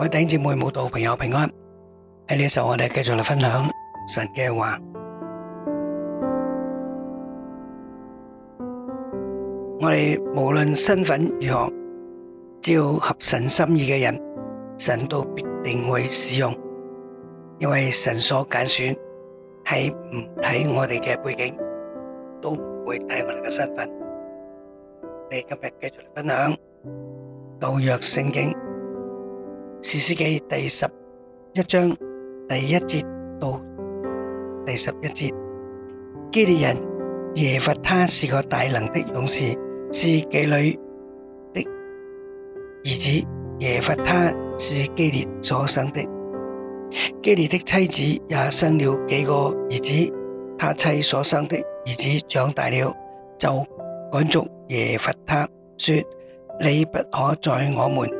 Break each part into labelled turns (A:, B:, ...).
A: 各位聽眾朋友平安，喺呢時候我哋繼續嚟分享神嘅話。我哋無論身份如何，只要合神心意嘅人，神都必定會使用，因為神所揀選係唔睇我哋嘅背景，都唔會睇我哋嘅身份。我哋今日繼續嚟分享《舊約聖經》。《士師記》第十一章第一節到第十一節，基列人耶弗他是個大能的勇士，是妓女的兒子。耶弗他是基列所生的，基列的妻子也生了幾個兒子。他妻所生的兒子長大了，就趕逐耶弗他，說：你不可在我們。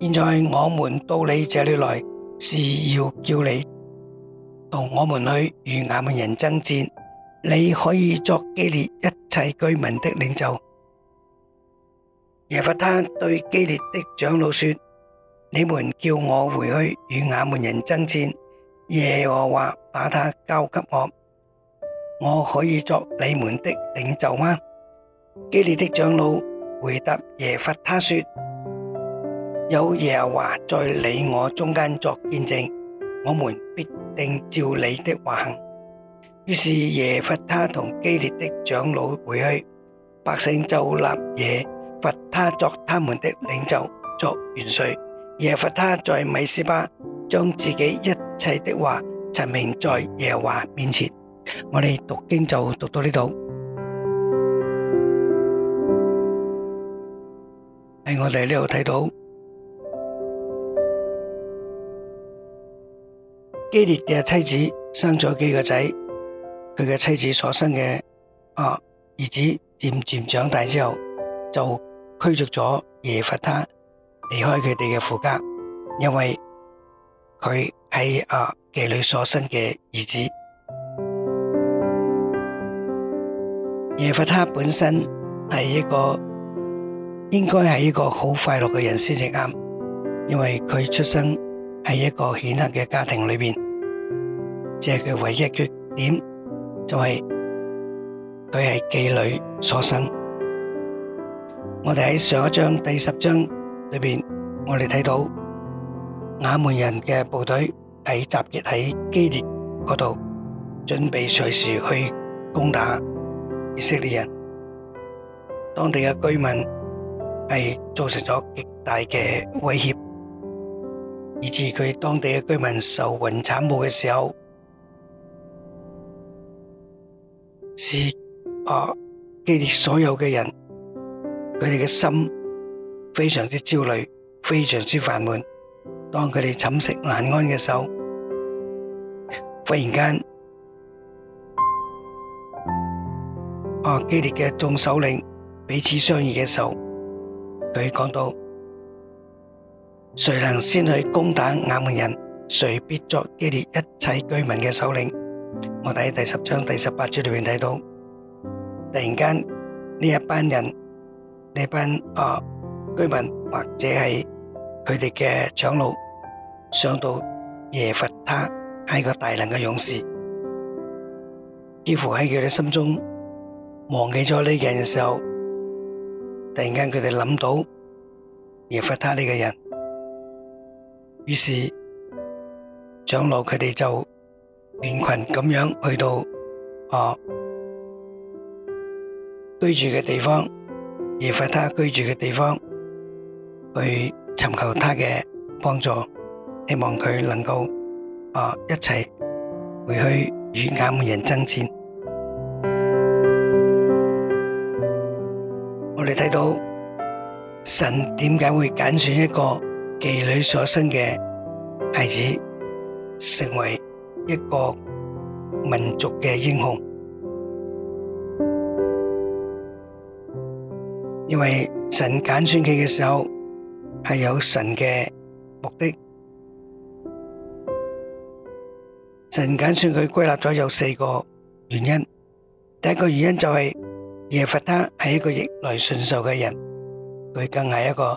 A: 現在我們到你這裏來，是要叫你同我們去與亞門人爭戰。你可以作基烈一切居民的領袖。耶弗他對基列的長老說：你們叫我回去與亞門人爭戰，耶和華把他交給我，我可以作你們的領袖嗎？基烈的長老回答耶弗他說。有耶和華在你我中間作見證，我們必定照你的話行。於是耶弗他同基列的長老回去，百姓就立耶弗他作他們的領袖、作元帥。耶弗他在米斯巴將自己一切的話陳明在耶和華面前。我哋讀經就讀到呢度，喺我哋呢度睇到。基列嘅妻子生咗幾個仔，佢嘅妻子所生嘅啊兒子漸漸長大之後，就驅逐咗耶弗他離開佢哋嘅父家，因為佢係、啊、妓女所生嘅兒子。耶弗他本身係一個應該係一個好快樂嘅人先至啱，因為佢出生，喺一個顯赫嘅家庭裏邊，即係佢唯一缺點就係佢係妓女所生。我哋喺上一章第十章裏邊，我哋睇到雅門人嘅部隊係集結喺基列嗰度，準備隨時去攻打以色列人。當地嘅居民係造成咗極大嘅威脅。以致佢當地嘅居民愁雲慘霧嘅時候，是啊，基列所有嘅人，佢哋嘅心非常之焦慮，非常之煩悶。當佢哋寢食難安嘅時候，忽然間啊，基列嘅眾首領彼此相遇嘅時候，佢講到。誰能先去攻打亞捫人，誰必作基列一切居民嘅首領。我喺第十章第十八節裏面睇到，突然間呢一班人，呢班啊居民或者係佢哋嘅長老，想到耶弗他係個大能嘅勇士，幾乎喺佢哋心中忘記咗呢個人嘅時候，突然間佢哋諗到耶弗他呢個人。於是長老佢哋就連群咁樣去到啊居住嘅地方，耶弗他居住嘅地方，去尋求他嘅幫助，希望佢能夠啊一齊回去與亞捫人爭戰。我哋睇到神點解會揀選一個？妓女所生嘅孩子成為一個民族嘅英雄，因為神揀選佢嘅時候係有神嘅目的。神揀選佢歸納咗有四個原因。第一個原因就係耶弗他係一個逆來順受嘅人，佢更係一個。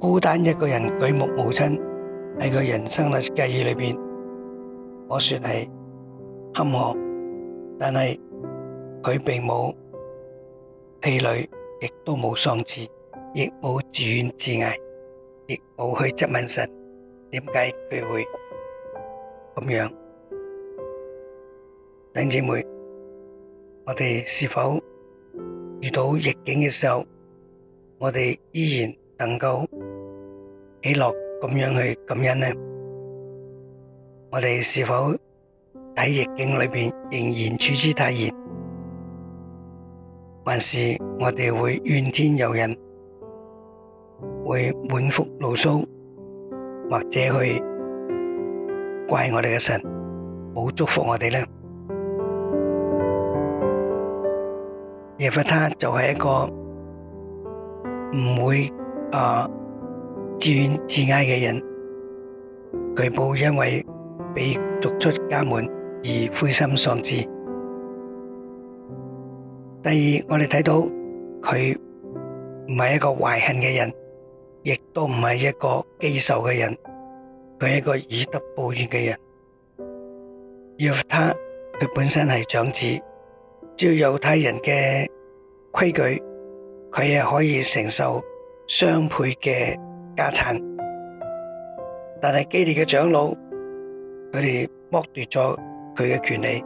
A: 孤單一個人舉目無親，喺佢人生嘅記憶裏邊，我說係坎坷，但係佢並冇氣餒，亦都冇喪志，亦冇自怨自艾，亦冇去質問神點解佢會咁樣。弟兄姊妹，我哋是否遇到逆境嘅時候，我哋依然？能夠喜樂咁樣去感恩呢？我哋是否喺逆境裏邊仍然處之泰然，還是我哋會怨天尤人，會滿腹牢騷，或者去怪我哋嘅神冇祝福我哋呢？耶弗他就係一個唔會。啊！自怨自艾嘅人，佢冇因為被逐出家門而灰心喪志。第二，我哋睇到佢唔係一個懷恨嘅人，亦都唔係一個記仇嘅人，佢係一個以德報怨嘅人。若他佢本身係長子，照猶太人嘅規矩，佢係可以承受雙倍嘅家產，但係基列嘅長老，佢哋剝奪咗佢嘅權利，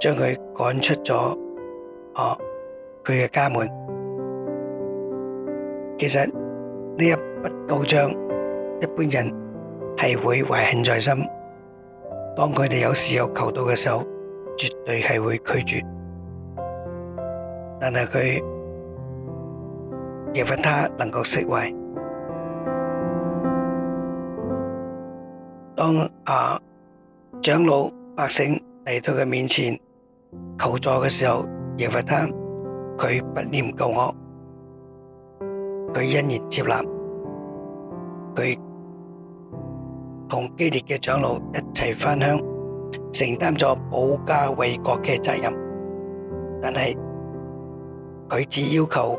A: 將佢趕出咗哦佢嘅家門。其實呢一筆舊賬，一般人係會懷恨在心。當佢哋有事有求到嘅時候，絕對係會拒絕。但係佢。耶弗他能夠釋懷。當啊長老百姓嚟到佢面前求助嘅時候，耶弗他佢不念舊惡，佢欣然接納，佢同基列嘅長老一齊返鄉，承擔咗保家衛國嘅責任。但係佢只要求。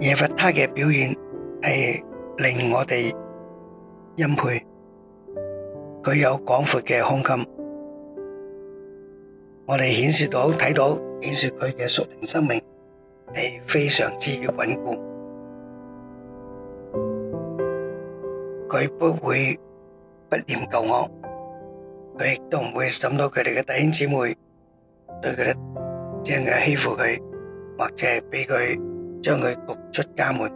A: 耶弗他嘅表現係令我哋欽佩，佢有廣闊嘅胸襟，我哋顯示到睇到顯示佢嘅屬靈生命係非常之穩固，佢不會不念舊惡，佢亦都唔會審到佢哋嘅弟兄姊妹對佢哋這樣嘅欺負佢，或者係俾佢。將佢逐出家門，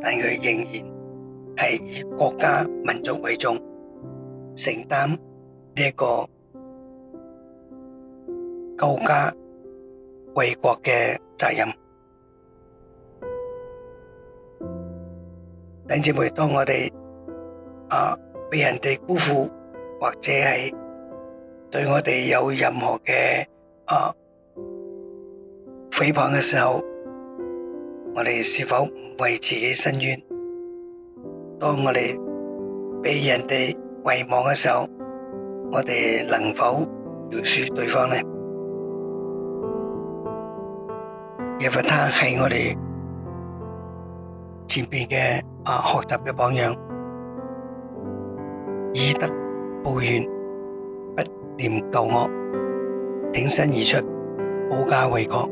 A: 但佢仍然係以國家民族為重，承擔呢一個救家衛國嘅責任。弟兄姊妹，當我哋啊俾人哋辜負，或者係對我哋有任何嘅啊誹謗嘅時候，我哋是否唔為自己申冤？當我哋俾人哋遺忘嘅時候，我哋能否饒恕對方呢？耶弗他係我哋前面嘅啊，學習嘅榜樣，以德報怨，不念舊惡，挺身而出，保家衛國。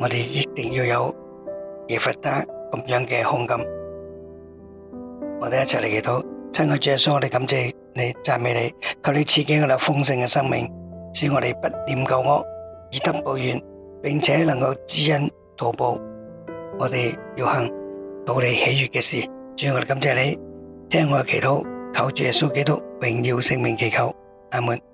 A: 我哋一定要有。而獲得咁樣嘅空間，我哋一齊嚟祈禱。親愛的主耶穌，我哋感謝你讚美你，求你賜給我哋豐盛嘅生命，使我哋不念舊惡，以德報怨，並且能夠知恩圖報。我哋要行到你喜悦嘅事。主，我哋感謝你，聽我嘅祈禱。求主耶穌基督榮耀聖名，祈求阿門。